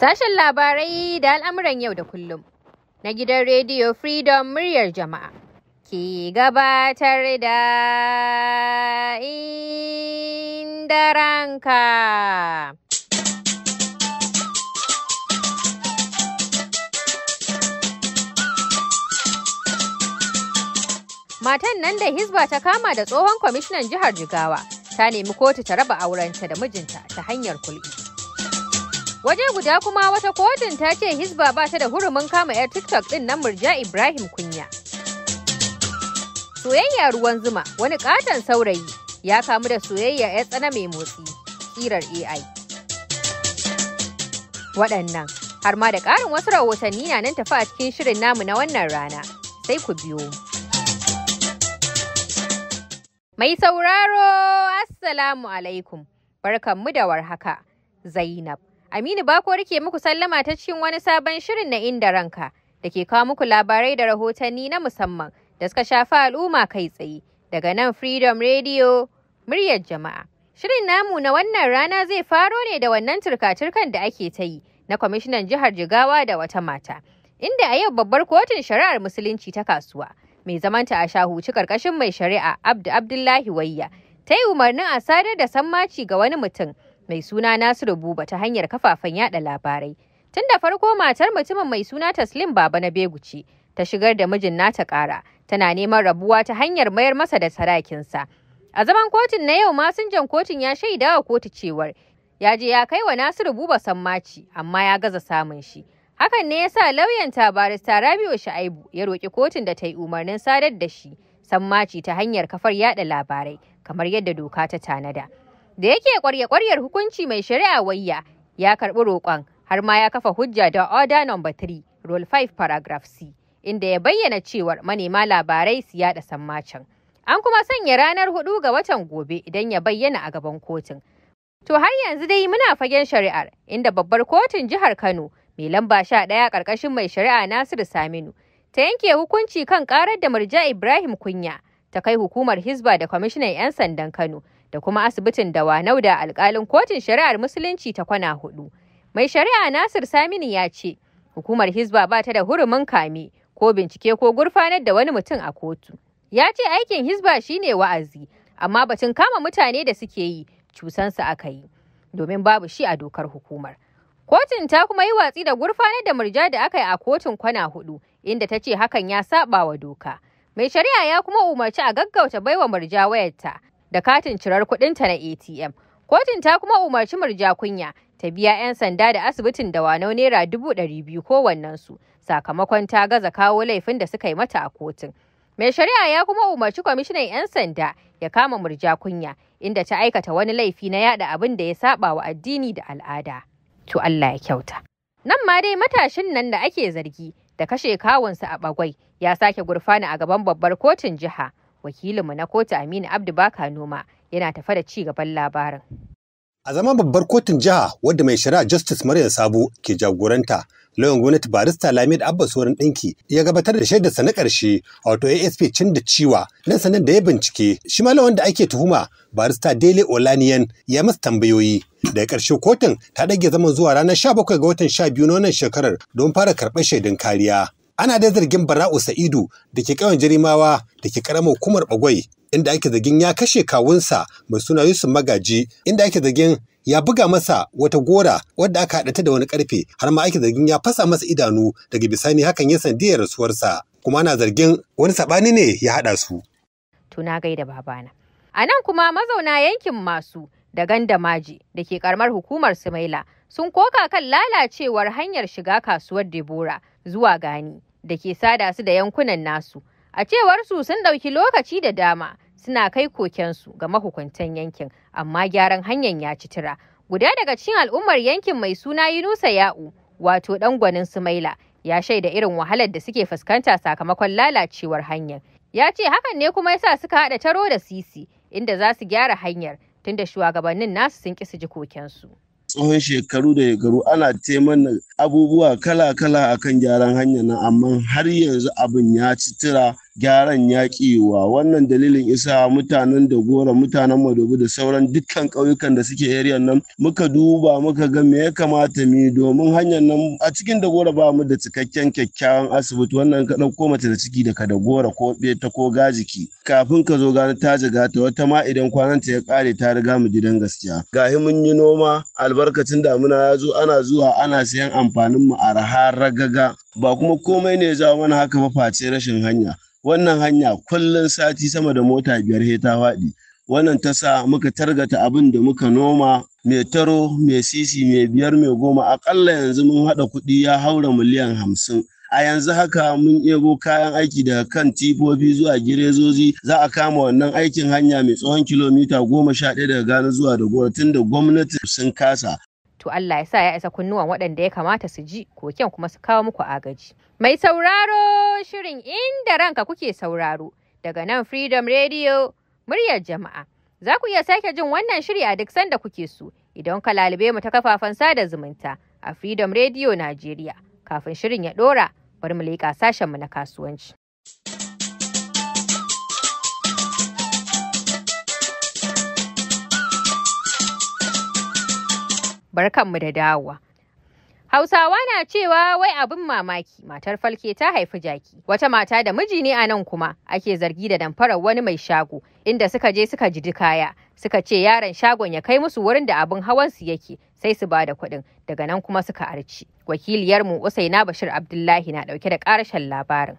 Sashen labarai da al'amuran yau da kullum na gidan Rediyo Freedom muryar jama'a ke gabatar da inda Matan nan da Hizba ta kama da tsohon kwamishinan jihar Jigawa ta nemi kotu ta raba aurenta da mijinta ta hanyar kulki. Waje guda kuma wata kotun ta ce Hizba ba ta da hurumin kama 'yar TikTok ɗin nan Murja Ibrahim Kunya. Soyayya ruwan zuma wani katon saurayi ya kamu da soyayya 'yar tsana mai motsi tsirar AI. Waɗannan har ma da ƙarin wasu rahotanni na nan tafi a cikin shirin namu na wannan rana sai ku biyo Mai sauraro, Assalamu alaikum, barkanmu da warhaka, Zainab. Aminu Bako rike muku sallama ta cikin wani sabon shirin na inda ranka da ke kawo muku labarai da rahotanni na musamman da suka shafi al'umma kai tsaye daga nan Freedom Radio muryar jama'a. Shirin namu na wannan rana zai faro ne da wannan turka-turkan da ake ta yi na kwamishinan jihar Jigawa da wata mata. Inda a yau babbar kotun shari'ar musulunci ta kasuwa mai zamanta a shahuci karkashin mai shari'a Abdu Abdullahi Wayya ta yi umarnin a sadar da sammaci ga wani mutum mai suna Nasiru Buba ta hanyar kafafen yaɗa labarai. Tun da farko matar mutumin mai suna Taslim Baba na Beguci ta shigar da mijin nata ƙara, tana neman rabuwa ta hanyar mayar masa da sarakinsa. A zaman kotun na yau masinjan kotun ya shaida wa kotu cewar ya je ya kai wa Nasiru Buba sammaci amma ya gaza samun shi. Hakan ne ya sa lauyan barista Rabi'u Shaibu ya roƙi kotun da ta yi umarnin sadar da shi sammaci ta hanyar kafar yaɗa labarai kamar yadda doka ta tanada. da yake kwarya-kwaryar hukunci mai shari'a wayya ya karbi roƙon har ma ya kafa hujja da order number 3 rule 5 paragraph c inda ya bayyana cewar manema labarai su yada sammacin an kuma sanya ranar hudu ga watan gobe idan ya bayyana a gaban kotun to har yanzu dai muna fagen shari'ar inda babbar kotun jihar kano mai lamba sha ɗaya ƙarƙashin mai shari'a nasiru saminu ta yanke hukunci kan karar da murja ibrahim kunya ta kai hukumar hisba da kwamishinan 'yan sandan kano da kuma asibitin Dawanau da alkalin kotun shari'ar musulunci ta kwana hudu. Mai shari'a Nasir Saminu ya ce, hukumar Hizba ba ta da hurumin kame ko bincike ko gurfanar da wani mutum a kotu. Ya ce aikin Hizba shine wa'azi, amma batun kama mutane da suke yi cusansa aka yi, domin babu shi a dokar hukumar. Kotun ta kuma yi watsi da gurfanar da murja da aka yi a kotun kwana hudu, inda ta ce hakan ya saba wa doka. Mai shari'a ya kuma umarci a gaggauta baiwa murja wayarta. da katin cirar ta na ATM. Kotun ta kuma umarci murja kunya ta biya 'yan sanda da asibitin da wano naira dubu ɗari biyu su sakamakon ta gaza kawo laifin da suka yi mata a kotun. Mai shari'a ya kuma umarci kwamishinan 'yan sanda ya kama murja kunya inda ta aikata wani laifi na yada abin da ya saba wa addini da al'ada. To Allah ya kyauta. Nan ma dai matashin nan da ake zargi da kashe kawunsa a bagwai ya sake gurfana a gaban babbar kotun jiha. wakilinmu na kotu aminu abdu baka noma yana tafa da ci gaban labarin a zaman babbar kotun jiha wadda mai shari'a justice maryam sabo ke jagoranta lauyan gwamnati barista lamid abba sorin ɗinki ya gabatar da sa na ƙarshe wato asp cin da ciwa na sanar da ya bincike shi ma da ake tuhuma barista dele olaniyan ya masa tambayoyi daga ƙarshe kotun ta ɗage zaman zuwa ranar 17 ga watan 12 na wannan shekarar don fara karɓar shaidun kariya ana da zargin bara'u sa'idu da ke ƙauyen jarimawa da ke ƙaramar hukumar bagwai inda ake zargin ya kashe kawunsa mai suna yusuf magaji inda ake zargin ya buga masa wata gora wadda aka haɗa da wani ƙarfe har ma ake zargin ya fasa masa idanu daga bisani hakan ya sandiyar rasuwarsa kuma ana zargin wani saɓani ne ya haɗa su. Tuna gaida babana. A nan kuma mazauna yankin masu da Maji da ke karamar hukumar Sumaila sun koka kan lalacewar hanyar shiga kasuwar Debora zuwa Gani. da ke sada su da yankunan nasu. A cewar su sun ɗauki lokaci da dama suna kai kokensu ga mahukuntan yankin amma gyaran hanyar ya ci tura Guda daga cikin al'ummar yankin mai suna Yunusa Ya'u wato dan gwanin Sumaila ya shaida irin wahalar da suke fuskanta sakamakon lalacewar hanyar. Ya ce hakan ne kuma yasa suka haɗa taro da sisi inda za su gyara hanyar tunda shugabannin nasu sun ƙi su ji kokensu. tsawon shekaru da shekaru ana taimakon abubuwa kala-kala akan gyaran hanyar nan amma har yanzu abin ya ci gyaran ya wa wannan dalilin isa mutanen da gora mutanen madobi da sauran dukkan ƙauyukan da suke area nan muka duba muka ga me ya kamata mu domin hanyar nan a cikin da gora ba mu da cikakken kyakkyawan asibiti wannan ka ɗauko mace da ciki da da gora ko ta ko gajiki kafin ka zo gani ta jiga ta wata ma idan kwananta ya ƙare ta riga mu gidan gaskiya gahi mun yi noma albarkacin damuna ya zo ana zuwa ana sayan amfanin mu a ragaga ba kuma komai ne ya jawo mana haka ba face rashin hanya wannan hanya kullum sati sama da mota biyar he ta faɗi wannan ta sa muka targata abin da muka noma mai taro mai sisi mai biyar mai goma akalla yanzu mun haɗa kuɗi ya haura miliyan hamsin a yanzu haka mun ebo kayan aiki daga kan tifofi zuwa girezozi za a kama wannan aikin hanya mai tsawon kilomita goma sha ɗaya daga gano zuwa da gora tun da gwamnati sun kasa to Allah ya sa ya isa kunnuwan waɗanda ya kamata su ji koken kuma su kawo muku agaji. Mai sauraro shirin inda ranka kuke sauraro daga nan Freedom Radio muryar jama'a. Za ku iya sake jin wannan shiri a duk sanda kuke so idan ka lalube mu ta kafafen sada zumunta a Freedom Radio Najeriya kafin shirin ya ɗora bari mu leƙa sashenmu na kasuwanci. barkanmu da dawowa. Hausawa na cewa wai abin mamaki matar falke ta haifi jaki. Wata mata da miji ne a nan kuma ake zargi da damfarar wani mai shago inda suka je suka ji kaya. Suka ce yaron shagon ya kai musu wurin da abin hawansu yake sai su bada kuɗin daga nan kuma suka arci. Wakiliyarmu Usaina Bashir Abdullahi na ɗauke da ƙarashen labarin.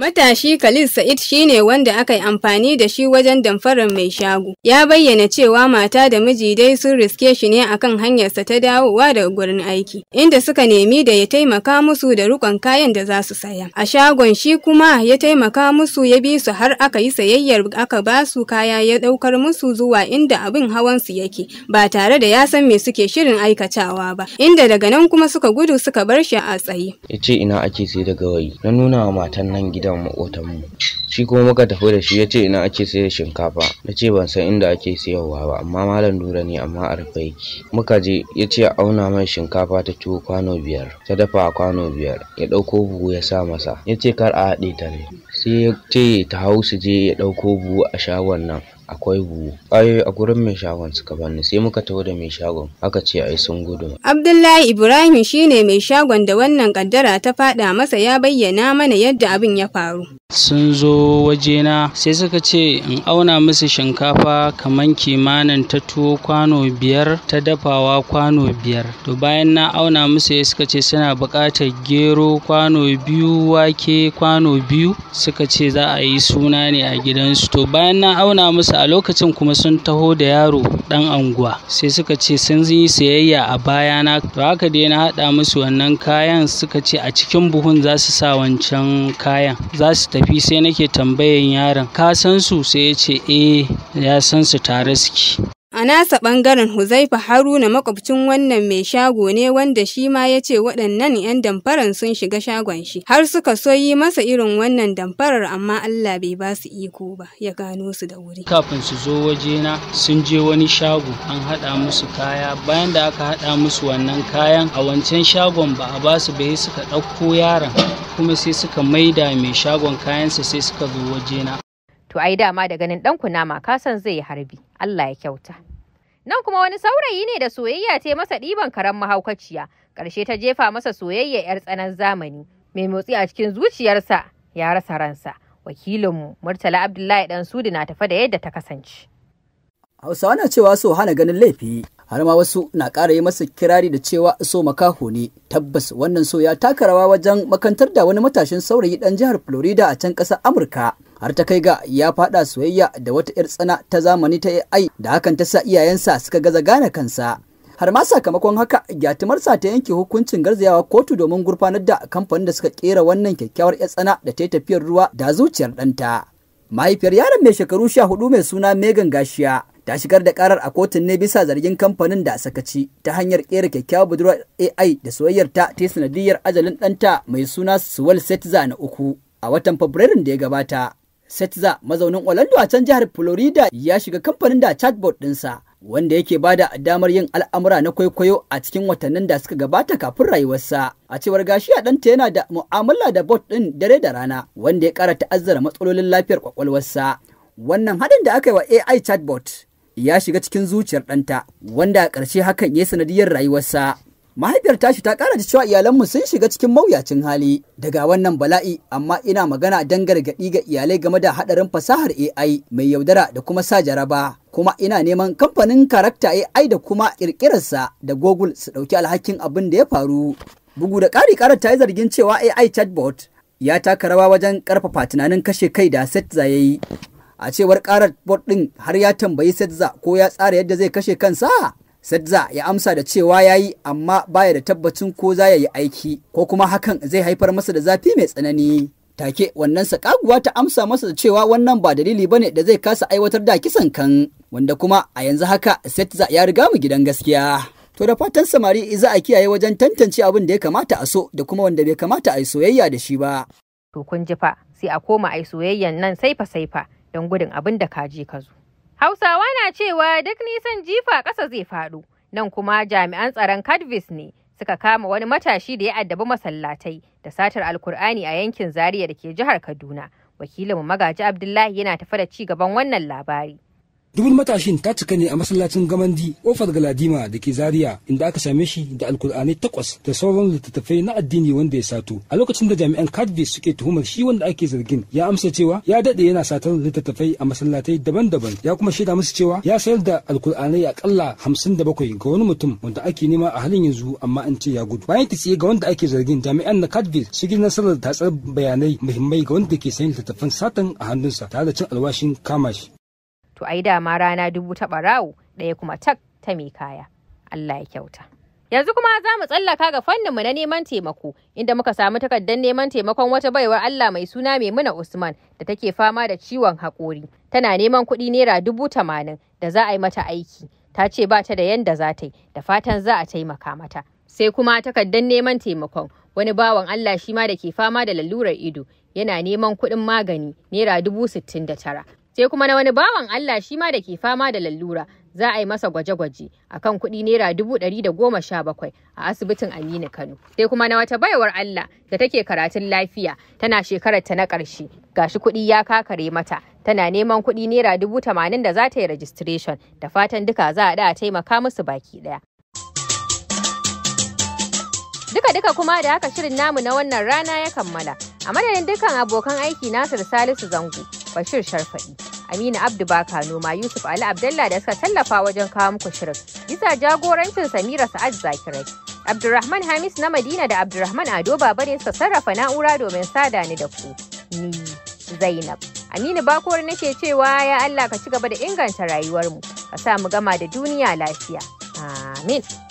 Matashi Khalid Sa'id shine wanda aka yi amfani da shi wajen damfarar mai shago. Ya bayyana cewa mata da miji dai sun riske shi ne akan hanyarsa ta dawowa daga gurin aiki, inda suka nemi da ya taimaka musu da rikon kayan da za su saya. A shagon shi kuma ya taimaka musu ya bi su har aka yi sayayyar aka ba su kaya ya ɗaukar musu zuwa inda abin hawan su yake, ba tare da ya san me suke shirin aikatawa ba, inda daga nan kuma suka gudu suka bar shi a tsaye. Ya ce ina ake sai da gawayi, na nuna wa matan nan gida. gidan maƙotanmu shi kuma muka tafi da shi yace ce ina ake sayar shinkafa na ce ban san inda ake sayarwa ba amma malam dura ne amma a rufe yake muka je yace a auna mai shinkafa ta tuwo kwano biyar ta dafa kwano biyar ya ɗauko buhu ya sa masa yace kar a haɗe ta ne sai ya ce ta hau su je ya ɗauko buhu a shagon nan akwai buhu ai a gurin mai shagon suka bani sai muka taho da mai shagon aka ce ai sun gudu Abdullahi Ibrahim shine mai shagon da wannan kaddara ta fada masa ya bayyana mana yadda abin ya faru sun zo wajena sai suka ce in auna musu shinkafa kaman kimanin ta tuwo kwano biyar ta dafawa kwano biyar to bayan na auna musu ya suka ce suna buƙatar gero kwano biyu wake kwano biyu suka ce za a yi suna ne a gidansu to bayan na auna musu a lokacin kuma sun taho da yaro ɗan anguwa sai suka ce sun yi sayayya a bayana to haka dai na haɗa musu wannan kayan suka ce a cikin buhun za su sa wancan kayan za su tafi sai nake tambayan yaron ka san su sai ya ce eh ya san su tare suke A nasa ɓangaren Huzaifa Haruna makwabcin wannan mai shago ne wanda shi ma ya ce waɗannan 'yan damfaran sun shiga shagon shi har suka so yi masa irin wannan damfarar amma Allah bai ba su iko ba ya gano su da wuri. Kafin su zo wajena sun je wani shago an haɗa musu kaya bayan da aka haɗa musu wannan kayan a wancan shagon ba a ba su bai suka ɗauko yaron kuma sai suka maida mai shagon kayansa sai suka zo wajena. To ai dama da ganin ɗan kunama kasan zai harbi. Allah ya kyauta. Nan kuma wani saurayi ne da soyayya ce masa ɗiban karen mahaukaciya, ƙarshe ta jefa masa soyayya 'yar tsanan zamani, mai motsi a cikin zuciyarsa ya rasa ransa. Wakilinmu Murtala Abdullahi Dan Sudi na tafa da yadda ta kasance. Hausawa na cewa so hana ganin laifi, har ma wasu na ƙara yi masa kirari da cewa so makaho ne. Tabbas wannan so ya taka rawa wajen makantar da wani matashin saurayi ɗan jihar Florida a can ƙasar Amurka har ta kai ga ya fada soyayya da wata 'yar tsana ta zamani ta AI da hakan ta sa iyayensa suka gaza gane kansa. Har ma sakamakon haka Gyatumar sa ta yanke hukuncin garzayawa kotu domin gurfanar da kamfanin da suka kera wannan kyakkyawar 'yar tsana da ta yi tafiyar ruwa da zuciyar ɗanta. Mahaifiyar yaron mai shekaru sha hudu mai suna Megan Gashiya ta shigar da karar a kotun ne bisa zargin kamfanin da sakaci ta hanyar kera kyakkyawar budurwar AI da soyayyar ta ta sanadiyar ajalin ɗanta mai suna Suwal Setza na uku a watan Fabrairun da ya gabata. Setza mazaunin Orlando a can jihar Florida ya shiga kamfanin da chatbot ɗinsa wanda yake bada damar yin al'amura na kwaikwayo a cikin watannin da suka gabata kafin rayuwarsa. A cewar gashi a ɗanta yana da mu'amala da bot ɗin dare da rana wanda ya ƙara ta'azzara matsalolin lafiyar kwakwalwarsa. Wannan haɗin da aka yi wa AI chatbot ya shiga cikin zuciyar ɗanta wanda a ƙarshe hakan ya sanadiyar rayuwarsa. mahaifiyar tashi ta kara da cewa iyalanmu sun shiga cikin mawuyacin hali daga wannan bala'i amma ina magana don gargaɗi ga iyalai game da haɗarin fasahar AI mai yaudara da kuma sa jaraba kuma ina neman kamfanin karakta AI da kuma ƙirƙirarsa da Google su ɗauki alhakin abin da ya faru. Bugu da ƙari ƙarar ta yi zargin cewa AI chatbot ya taka rawa wajen ƙarfafa tunanin kashe kai da Setza ya yi. A cewar ƙarar bot ɗin har ya tambayi Setza ko ya tsara yadda zai kashe kansa Sadza ya amsa da cewa ya yi amma baya da tabbacin ko za ya yi aiki ko kuma hakan zai haifar masa da zafi mai tsanani. Take wannan sakaguwa ta amsa masa da cewa wannan ba dalili ba ne da zai kasa aiwatar da kisan kan wanda kuma a yanzu haka Sadza ya riga mu gidan gaskiya. To da fatan samari za a kiyaye wajen tantance abin da ya kamata a so da kuma wanda bai kamata a yi soyayya da shi ba. To kun ji fa sai a koma a yi soyayyan nan saifa saifa don gudun abin da kaji ka zo. Hausawa na cewa duk nisan jifa ƙasa zai faɗo, nan kuma jami'an tsaron Kadvis ne suka kama wani matashi da ya addabi masallatai da satar alkur'ani a yankin Zaria da ke jihar Kaduna. Wakilinmu magaji Abdullahi yana tafa da ci gaban wannan labari. dubun matashin ta cika ne a masallacin gamandi ofar galadima da ke zaria inda aka same shi da alkur'anai takwas da sauran littattafai na addini wanda ya sato a lokacin da jami'an kadbis suke tuhumar shi wanda ake zargin ya amsa cewa ya daɗe yana satar littattafai a masallatai daban-daban ya kuma shaida musu cewa ya sayar da alkur'anai akalla hamsin da bakwai ga wani mutum wanda ake nema a halin yanzu amma an ce ya gudu bayan tsiye ga wanda ake zargin jami'an na kadbis su gina nasarar tatsar bayanai muhimmai ga wanda ke sayan littattafan satan a hannunsa tare da cin alwashin kama to ai dama rana dubu ta ɓarawo ɗaya kuma tak ta mai kaya Allah ya kyauta yanzu kuma za mu tsallaka ga fanninmu na neman taimako inda muka samu takardar neman taimakon wata baiwar Allah mai suna Maimuna Usman da take fama da ciwon haƙori tana neman kuɗi naira dubu tamanin da za a yi mata aiki ta ce ba ta da yanda za ta yi da fatan za a taimaka mata sai kuma takardar neman taimakon wani bawan Allah shi ma da ke fama da lalurar ido yana neman kuɗin magani naira dubu sittin da tara sai kuma na wani bawan Allah shi ma da ke fama da lallura za a yi masa gwaje-gwaje a kan kuɗi naira dubu ɗari da goma sha bakwai a asibitin Aminu Kano. Sai kuma na wata baiwar Allah da take karatun lafiya tana shekarar ta na ƙarshe shi kuɗi ya kakare mata tana neman kuɗi naira dubu tamanin da za ta yi registration da fatan duka za a da taimaka musu baki ɗaya. Duka-duka kuma da haka shirin namu na wannan rana ya kammala. A madadin dukkan abokan aiki Nasir Salisu Zango Bashir Sharfani, Aminu Abdu Baka Noma, Yusuf Ali abdullah da suka tallafa wajen kawo muku shirin. Bisa jagorancin Samira Sa'ad Zakirai. Abdulrahman Hamis na Madina da Abdulrahman Ado Baba ne suka sarrafa na'ura domin sada ni da ku. Ni Zainab. Aminu Bakor nake cewa ya Allah ka ci gaba da inganta rayuwarmu. Ka sa mu gama da duniya lafiya. Amin.